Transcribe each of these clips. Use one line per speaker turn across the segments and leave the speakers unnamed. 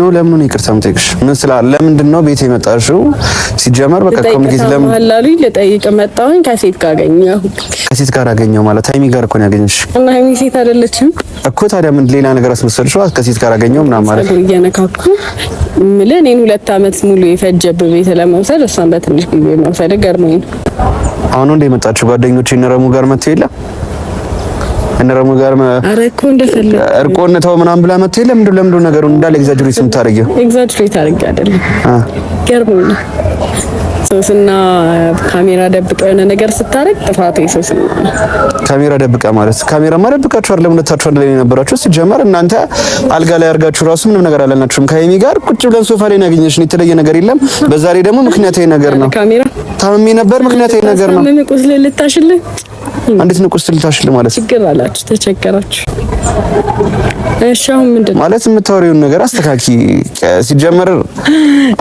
ነው ለምን ነው ይቅርታ የምጠይቅሽ? ምን ስላለ ለምንድን ነው ቤት የመጣሽው? ሲጀመር በቃ ኮሚኒኬት ለምን
አላሉኝ። ልጠይቅ መጣሁኝ። ከሴት ጋር አገኘሁ።
ከሴት ጋር አገኘሁ ማለት ሃይሚ ጋር እኮ ነው ያገኘሽ።
እና ሃይሚ ሴት አይደለችም
እኮ። ታዲያ ምን ሌላ ነገር አስመሰልሽው? ከሴት ጋር አገኘሁ ምናምን ማለት
ነው። እየነካኩ ምን እኔን ሁለት አመት ሙሉ የፈጀብህ ቤት ለመውሰድ እሷን በትንሽ ጊዜ መውሰድ ገርሞኝ ነው።
አሁን እንደ የመጣችው ጓደኞቼ እነ ረሙ ጋር መጥቶ የለ እነ ጋር
አረኮ እንደፈለገ
እርቆን ተው ምናምን ብላ መጥቶ ለምንድን ለምንድን ነገሩን እንዳለ ኤግዛጅሬት የምታደርጊው
ኤግዛጅሬት አድርጌ አይደለም ገርሞኛል ሶስና ካሜራ ደብቀ የሆነ ነገር ስታረግ ጥፋቱ የሶስና
ካሜራ ደብቀ ማለት ካሜራማ ደብቃችሁ አይደለም። ሁለታችሁ አንድ ላይ የነበራችሁ ሲጀመር እናንተ አልጋ ላይ አርጋችሁ ራሱ ምንም ነገር አላልናችሁም። ከሀይሚ ጋር ቁጭ ብለን ሶፋ ላይ ያገኘሽን የተለየ ነገር የለም። በዛሬ ደግሞ ምክንያታዊ ነገር ነው። ካሜራ ታምሜ ነበር ምክንያታዊ ነገር ነው።
ምን ቁስል ልታሽልኝ
እንዴት ነው ቁስል ልታሽል ማለት
ችግር አላችሁ፣ ተቸገራችሁ። እሺ አሁን ምንድን
ማለት የምታወሪውን ነገር አስተካኪ። ሲጀመር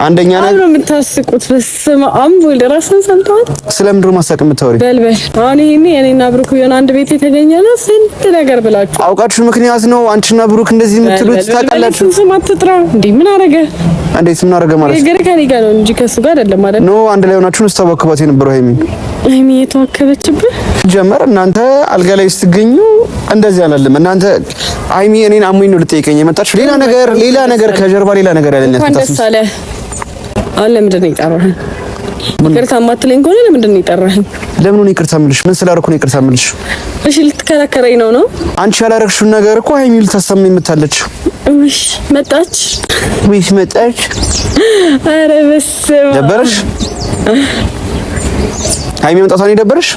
አንደኛ
ነገር ነው የምታስቁት በስመ አምቦል ራስን ሰምተዋል።
ስለ ምድር ማሳቅ የምታወሪ
በልበል። አሁን ይሄኔ እኔና ብሩክ የሆነ አንድ ቤት የተገኘ ነው ስንት ነገር ብላችሁ
አውቃችሁ ምክንያት ነው አንቺና ብሩክ እንደዚህ የምትሉት
ታውቃላችሁ። ስም አትጥራ እንዴ! ምን አረገ? እንዴት ምን አረገ ማለት ነገር ከኔ ጋር ነው እንጂ ከሱ ጋር አይደለም ማለት
ነው። አንድ ላይ ሆናችሁ ነው ስታዋክቧት የነበረው ሀይሚ
ሀይሚ የተዋከበችብህ
ጀመር። እናንተ አልጋ ላይ ስትገኙ እንደዚህ አላለም። እናንተ ሀይሚ እኔን አሞኝ ነው ልጠይቀኝ የመጣችሁ ሌላ ነገር ሌላ ነገር ከጀርባ ሌላ ነገር
ያለነት ታስብ አለ። ለምንድን ነው የጠራኸኝ? ይቅርታ ማትለኝ ከሆነ ለምንድን ነው የጠራኸኝ?
ለምን ነው ይቅርታ የምልሽ? ምን ስላደረኩ ነው ይቅርታ የምልሽ?
እሺ፣ ልትከራከረኝ ነው ነው?
አንቺ ያላረግሽውን ነገር እኮ ሀይሚ
እሺ፣ መጣች
ወይስ መጣች?
አረ በስመ
አብ። ደበረሽ? ሀይሚ መምጣቷን የደበረሽ?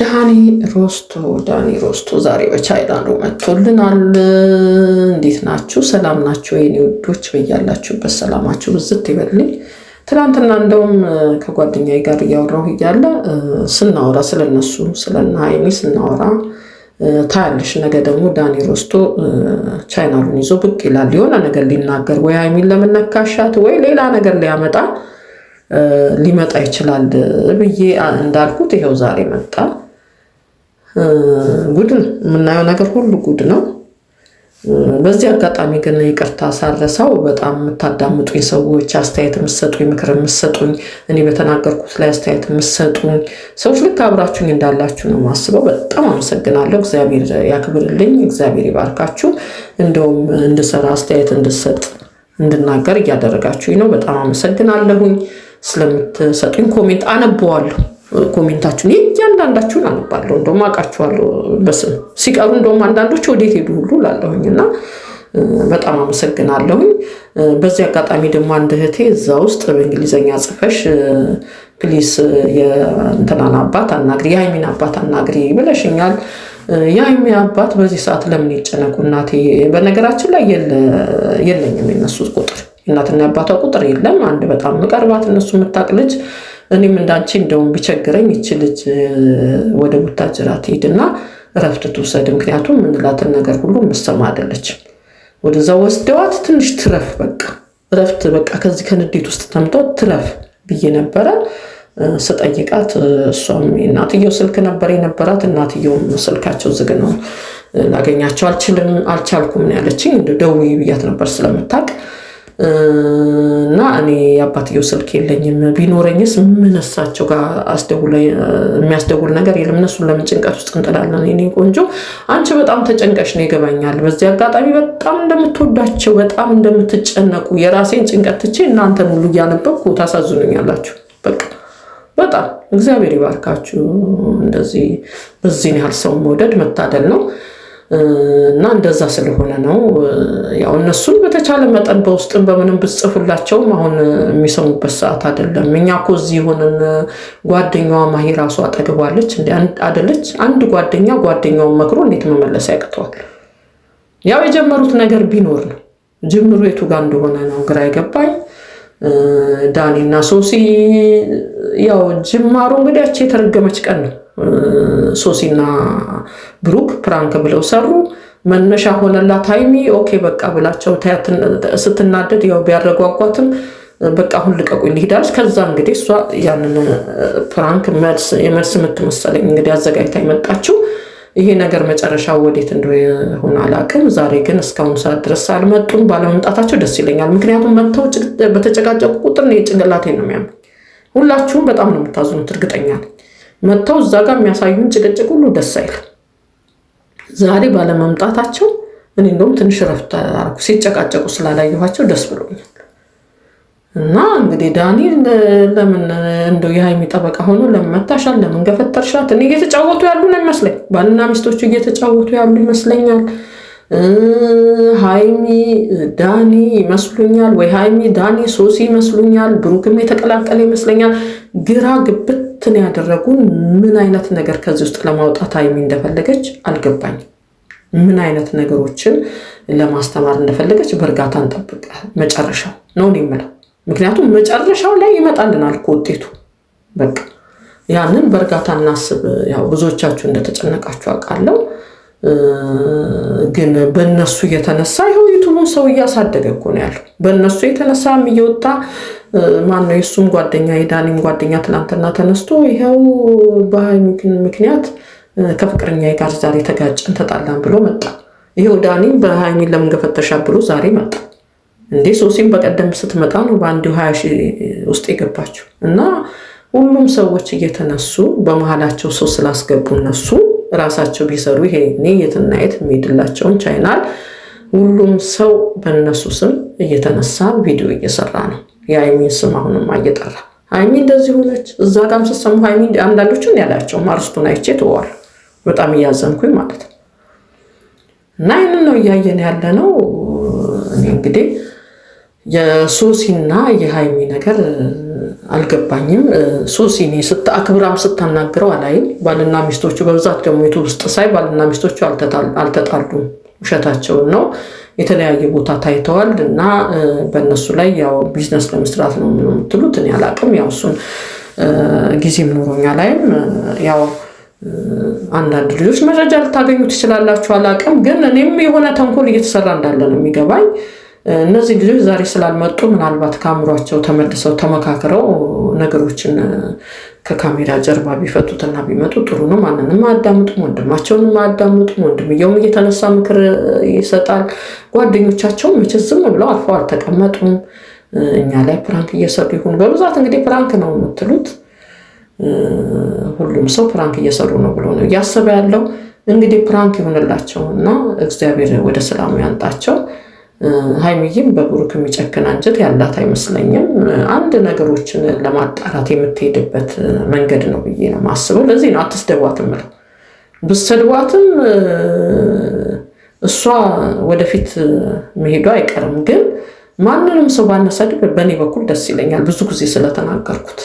ዳኒ ሮስቶ ዳኒ ሮስቶ ዛሬ መጥቶልናል። እንዴት ናችሁ? ሰላም ናችሁ? የኔ ውዶች በያላችሁበት ሰላማችሁ ብዝት ትናንትና እንደውም ከጓደኛዬ ጋር እያወራሁ እያለ ስናወራ ስለነሱ ስለነ ሀይሚ ስናወራ ታያለሽ፣ ነገ ደግሞ ዳኒ ሮስቶ ቻይናሉን ይዞ ብቅ ይላል። የሆነ ነገር ሊናገር ወይ ሀይሚን ለምነካሻት ወይ ሌላ ነገር ሊያመጣ ሊመጣ ይችላል ብዬ እንዳልኩት ይኸው ዛሬ መጣ። ጉድ ነው የምናየው ነገር ሁሉ ጉድ ነው። በዚህ አጋጣሚ ግን ይቅርታ ሳረሰው በጣም የምታዳምጡኝ ሰዎች አስተያየት የምትሰጡኝ ምክር የምሰጡኝ እኔ በተናገርኩት ላይ አስተያየት የምሰጡኝ ሰዎች ልክ አብራችሁኝ እንዳላችሁ ነው ማስበው። በጣም አመሰግናለሁ። እግዚአብሔር ያክብርልኝ፣ እግዚአብሔር ይባርካችሁ። እንደውም እንድሰራ አስተያየት እንድሰጥ እንድናገር እያደረጋችሁኝ ነው። በጣም አመሰግናለሁኝ። ስለምትሰጡኝ ኮሜንት አነበዋለሁ። ኮሜንታችሁን እያንዳንዳችሁን አነባለሁ። እንደውም አውቃችኋለሁ በስም ሲቀሩ እንደውም አንዳንዶች ወዴት ሄዱ ሁሉ ላለሁኝ እና በጣም አመሰግናለሁኝ። በዚህ አጋጣሚ ደግሞ አንድ እህቴ እዛ ውስጥ በእንግሊዝኛ ጽፈሽ ፕሊስ የእንትናን አባት አናግሪ፣ የሀይሚን አባት አናግሪ ብለሽኛል። የሀይሚ አባት በዚህ ሰዓት ለምን ይጨነቁ እናቴ? በነገራችን ላይ የለኝም የነሱ ቁጥር፣ እናትና የአባቷ ቁጥር የለም። አንድ በጣም ምቀርባት እነሱ የምታውቅ ልጅ እኔም እንዳንቺ እንደውም ቢቸግረኝ ይች ልጅ ወደ ቡታጅራ ትሂድና እረፍት ትውሰድ። ምክንያቱም የምንላትን ነገር ሁሉ የምትሰማ አደለች ወደዛ ወስደዋት ትንሽ ትረፍ፣ በቃ እረፍት፣ በቃ ከዚህ ከንዴት ውስጥ ተምተው ትረፍ ብዬ ነበረ ስጠይቃት እሷም እናትየው ስልክ ነበር የነበራት። እናትየውም ስልካቸው ዝግ ነው፣ ላገኛቸው አልችልም አልቻልኩም ነው ያለችኝ። ደውዪ ብያት ነበር ስለምታውቅ እና እኔ የአባትየው ስልክ የለኝም። ቢኖረኝስ ምነሳቸው ጋር የሚያስደውል ነገር የለም። እነሱን ለምን ጭንቀት ውስጥ እንጥላለን? ኔ ቆንጆ አንቺ በጣም ተጨንቀሽ ነው ይገባኛል። በዚህ አጋጣሚ በጣም እንደምትወዳቸው በጣም እንደምትጨነቁ የራሴን ጭንቀት ትቼ እናንተን ሁሉ እያነበብኩ ታሳዝኑኛላችሁ። በቃ በጣም እግዚአብሔር ይባርካችሁ። እንደዚህ በዚህን ያህል ሰው መውደድ መታደል ነው። እና እንደዛ ስለሆነ ነው ያው እነሱን በተቻለ መጠን በውስጥን በምንም ብጽፉላቸውም አሁን የሚሰሙበት ሰዓት አይደለም። እኛ እኮ እዚህ የሆንን ጓደኛዋ ማሂ ራሱ አጠግባለች አደለች። አንድ ጓደኛ ጓደኛውን መክሮ እንዴት መመለስ ያቅተዋል? ያው የጀመሩት ነገር ቢኖር ነው ጅምሩ የቱ ጋር እንደሆነ ነው ግራ የገባኝ። ዳኒና ሶሲ ያው ጅማሩ እንግዲያቸው የተረገመች ቀን ነው። ሶሲና ብሩክ ፕራንክ ብለው ሰሩ። መነሻ ሆነላት ሀይሚ ኦኬ በቃ ብላቸው ስትናደድ ያው ቢያረጓጓትም በቃ አሁን ልቀቁኝ ልሄዳለች። ከዛ እንግዲህ እሷ ያንን ፕራንክ የመልስ የምትመሰለኝ እንግዲህ አዘጋጅታ የመጣችው ይሄ ነገር መጨረሻ ወዴት እንደሆነ አላውቅም። ዛሬ ግን እስካሁን ሰዓት ድረስ አልመጡም። ባለመምጣታቸው ደስ ይለኛል። ምክንያቱም መጥተው በተጨቃጨቁ ቁጥር ጭንቅላቴ ነው የሚያምር። ሁላችሁም በጣም ነው የምታዝኑት እርግጠኛ ነኝ። መጥተው እዛ ጋር የሚያሳዩን ጭቅጭቅ ሁሉ ደስ አይል። ዛሬ ባለመምጣታቸው እኔ እንደውም ትንሽ ረፍት አደረኩ። ሲጨቃጨቁ ስላላየኋቸው ደስ ብሎኛል። እና እንግዲህ ዳኒ ለምን እንደው የሀይሚ ጠበቃ ሆኖ ለምን መታሻል? ለምን ገፈተርሻት? እኔ እየተጫወቱ ያሉ ነው ይመስለኝ። ባልና ሚስቶቹ እየተጫወቱ ያሉ ይመስለኛል። ሃይሚ ዳኒ ይመስሉኛል ወይ ሃይሚ ዳኒ ሶሲ ይመስሉኛል። ብሩክም የተቀላቀለ ይመስለኛል። ግራ ግብትን ያደረጉን ምን አይነት ነገር ከዚህ ውስጥ ለማውጣት ሃይሚ እንደፈለገች አልገባኝ? ምን አይነት ነገሮችን ለማስተማር እንደፈለገች በእርጋታ እንጠብቀ መጨረሻው ነው የምለው። ምክንያቱም መጨረሻው ላይ ይመጣልናል ውጤቱ። በቃ ያንን በእርጋታ እናስብ። ያው ብዙዎቻችሁ እንደተጨነቃችሁ አውቃለሁ። ግን በእነሱ የተነሳ ይኸው ዩቱቡን ሰው እያሳደገ እኮ ነው ያለው። በእነሱ የተነሳም እየወጣ ማነው የእሱም ጓደኛ የዳኒም ጓደኛ ትናንትና ተነስቶ ይኸው በሀይሚ ምክንያት ከፍቅረኛ ጋር ዛሬ ተጋጨን ተጣላን ብሎ መጣ። ይኸው ዳኒም በሀይሚን ለምን ገፈተሻ ብሎ ዛሬ መጣ። እንዴ ሶሲም በቀደም ስትመጣ ነው በአንድ ሀያ ሺ ውስጥ የገባችው እና ሁሉም ሰዎች እየተነሱ በመሀላቸው ሰው ስላስገቡ እነሱ ራሳቸው ቢሰሩ ይሄኔ የትና የት የሚሄድላቸውን ቻይናል ሁሉም ሰው በእነሱ ስም እየተነሳ ቪዲዮ እየሰራ ነው። የአይሚን ስም አሁንም እየጠራ አይሚ እንደዚህ ሆነች። እዛ ጋም ስሰሙ አይሚ አንዳንዶችን ያላቸው አርስቱን አይቼ ትዋል በጣም እያዘንኩኝ ማለት ነው። እና ይህንን ነው እያየን ያለ ነው። እኔ እንግዲህ የሶሲና የሀይሚ ነገር አልገባኝም። ሶሲኒ አክብራም ስታናግረው አላይም። ባልና ሚስቶቹ በብዛት ደግሞ ዩቱብ ውስጥ ሳይ ባልና ሚስቶቹ አልተጣሉም፣ ውሸታቸውን ነው። የተለያየ ቦታ ታይተዋል እና በእነሱ ላይ ያው ቢዝነስ ለመስራት ነው የምትሉት። እኔ አላቅም። ያው እሱን ጊዜም ኖሮኛ ላይም ያው አንዳንድ ልጆች መረጃ ልታገኙ ትችላላችሁ፣ አላቅም። ግን እኔም የሆነ ተንኮል እየተሰራ እንዳለ ነው የሚገባኝ። እነዚህ ልጆች ዛሬ ስላልመጡ ምናልባት ከአእምሯቸው ተመልሰው ተመካክረው ነገሮችን ከካሜራ ጀርባ ቢፈቱትና ቢመጡ ጥሩ ነው። ማንንም አያዳምጡም፣ ወንድማቸውንም አያዳምጡም። ወንድምየውም እየተነሳ ምክር ይሰጣል። ጓደኞቻቸው መቼ ዝም ብለው አልፈው አልተቀመጡም። እኛ ላይ ፕራንክ እየሰሩ ይሁን። በብዛት እንግዲህ ፕራንክ ነው የምትሉት። ሁሉም ሰው ፕራንክ እየሰሩ ነው ብሎ ነው እያሰበ ያለው። እንግዲህ ፕራንክ ይሆንላቸው እና እግዚአብሔር ወደ ሰላሙ ያንጣቸው። ሀይሚዬም በብሩክ የሚጨክን አንጀት ያላት አይመስለኝም። አንድ ነገሮችን ለማጣራት የምትሄድበት መንገድ ነው ብዬ ነው ማስበው። ለዚህ ነው አትስደቧት ምለው። ብትሰድቧትም እሷ ወደፊት መሄዷ አይቀርም። ግን ማንንም ሰው ባነሰድብ በእኔ በኩል ደስ ይለኛል፣ ብዙ ጊዜ ስለተናገርኩት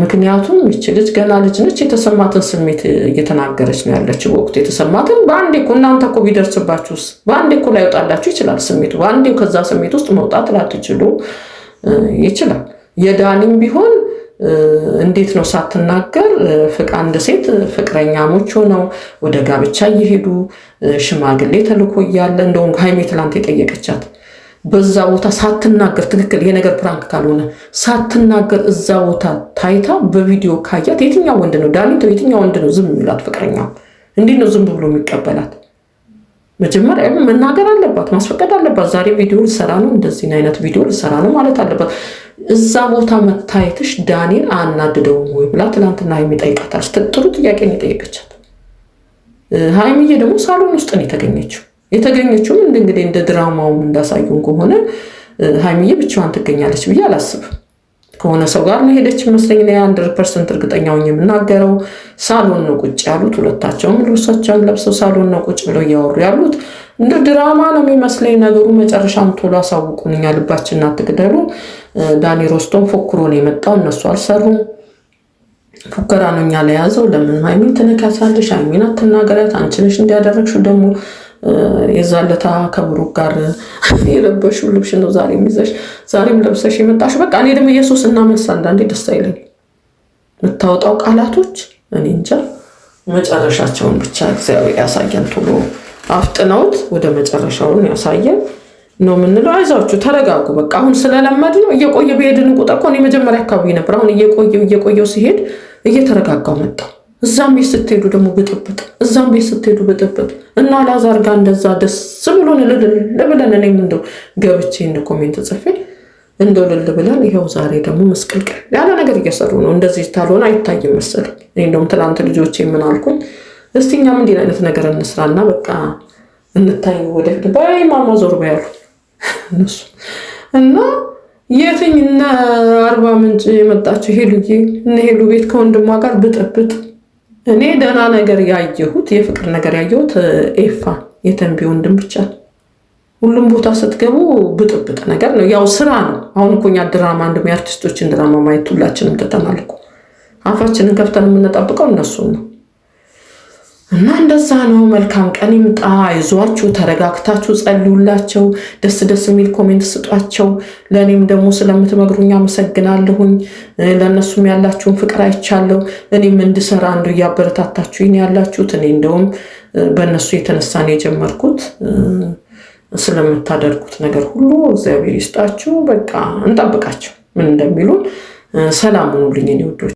ምክንያቱም ይች ልጅ ገና ልጅ ነች። የተሰማትን ስሜት እየተናገረች ነው ያለችው። ወቅቱ የተሰማትን በአንዴ እኮ እናንተ እኮ ቢደርስባችሁስ በአንዴ እኮ ላይወጣላችሁ ይችላል ስሜቱ። በአንዴ ከዛ ስሜት ውስጥ መውጣት ላትችሉ ይችላል። የዳኒም ቢሆን እንዴት ነው ሳትናገር ፍቃ አንድ ሴት ፍቅረኛሞች ሆነው ወደ ጋብቻ እየሄዱ ሽማግሌ ተልኮ እያለ እንደውም ሃይሜ ትላንት የጠየቀቻት በዛ ቦታ ሳትናገር ትክክል የነገር ፕራንክ ካልሆነ ሳትናገር እዛ ቦታ ታይታ በቪዲዮ ካያት የትኛው ወንድ ነው ዳኒት፣ የትኛው ወንድ ነው ዝም የሚላት? ፍቅረኛው እንዴት ነው ዝም ብሎ የሚቀበላት? መጀመሪያ መናገር አለባት፣ ማስፈቀድ አለባት። ዛሬ ቪዲዮ ልሰራ ነው፣ እንደዚህ አይነት ቪዲዮ ልሰራ ነው ማለት አለባት። እዛ ቦታ መታየትሽ ዳኒን አናድደውም ወይ ብላ ትላንትና የሚጠይቃታል። ጥሩ ጥያቄ ነው የጠየቀቻት። ሀይሚዬ ደግሞ ሳሎን ውስጥ ነው የተገኘችው። የተገኘችውም እንደ እንግዲህ እንደ ድራማውም እንዳሳዩን ከሆነ ሀይሚዬ ብቻዋን ትገኛለች ብዬ አላስብም። ከሆነ ሰው ጋር ነው ሄደች መስለኝ ነ የአንድር ፐርሰንት እርግጠኛ እርግጠኛውን የምናገረው። ሳሎን ነው ቁጭ ያሉት ሁለታቸውም፣ ልብሶቻቸውን ለብሰው ሳሎን ነው ቁጭ ብለው እያወሩ ያሉት። እንደ ድራማ ነው የሚመስለኝ ነገሩ። መጨረሻም ቶሎ አሳውቁን፣ እኛ ልባችንን አትግደሉ። ዳኒ ሮስቶም ፎክሮ ነው የመጣው፣ እነሱ አልሰሩም። ፉከራ ነው እኛ ለያዘው። ለምን ሀይሚን ትነካሳለሽ? ሀይሚን አትናገሪያት፣ አንቺ ነሽ እንዲያደረግሽው ደግሞ የዛለታ ለታ ከብሩክ ጋር የለበሽው ልብሽ ነው ዛሬ ይዘሽ ዛሬም ለብሰሽ የመጣሽ። በቃ እኔ ደግሞ ኢየሱስ እና መልስ አንዳንዴ ደስ አይለኝ የምታወጣው ቃላቶች እኔ እንጃ። መጨረሻቸውን ብቻ እግዚአብሔር ያሳየን። ቶሎ አፍጥነውት ወደ መጨረሻውን ያሳየን ነው የምንለው። አይዟችሁ ተረጋጉ። በቃ አሁን ስለለመድ ነው እየቆየ በሄድን ቁጥር እኮ እኔ መጀመሪያ አካባቢ ነበር። አሁን እየቆየው እየቆየው ሲሄድ እየተረጋጋው መጣ። እዛም ቤት ስትሄዱ ደግሞ ብጥብጥ፣ እዛም ቤት ስትሄዱ ብጥብጥ እና ላዛር ጋር እንደዛ ደስ ብሎን ልልል ብለን እኔም እንደው ገብቼ እንደ ኮሜንት ጽፌ እንደው ልል ብለን ይኸው ዛሬ ደግሞ መስቀልቀል ያለ ነገር እየሰሩ ነው። እንደዚህ ታልሆነ አይታይም መሰለኝ። እኔ እንደውም ትላንት ልጆች የምናልኩኝ አልኩኝ፣ እስቲ እኛም እንዲህ አይነት ነገር እንስራና በቃ እንታይ ወደፊት በይ ማማ ዞር በያሉ እነሱ እና የትኝ እነ አርባ ምንጭ የመጣችው ሄሉዬ እነ ሄሉ ቤት ከወንድሟ ጋር ብጥብጥ እኔ ደህና ነገር ያየሁት የፍቅር ነገር ያየሁት ኤፋ የተንቢ ወንድም ብቻ። ሁሉም ቦታ ስትገቡ ብጥብጥ ነገር ነው። ያው ስራ ነው። አሁን እኮ እኛ ድራማ አንድም የአርቲስቶችን ድራማ ማየት ሁላችንም ትተናል እኮ አፋችንን ከፍተን የምንጠብቀው እነሱን ነው። እና እንደዛ ነው። መልካም ቀን ይምጣ። አይዟችሁ፣ ተረጋግታችሁ ጸልዩላቸው። ደስ ደስ የሚል ኮሜንት ስጧቸው። ለእኔም ደግሞ ስለምትመግሩኝ አመሰግናለሁኝ። ለእነሱም ያላችሁን ፍቅር አይቻለሁ። እኔም እንድሰራ አንዱ እያበረታታችሁኝ ያላችሁት እኔ እንደውም በእነሱ የተነሳን የጀመርኩት ስለምታደርጉት ነገር ሁሉ እግዚአብሔር ይስጣችሁ። በቃ እንጠብቃቸው ምን እንደሚሉን። ሰላም ሁኑልኝ እኔ ውዶች።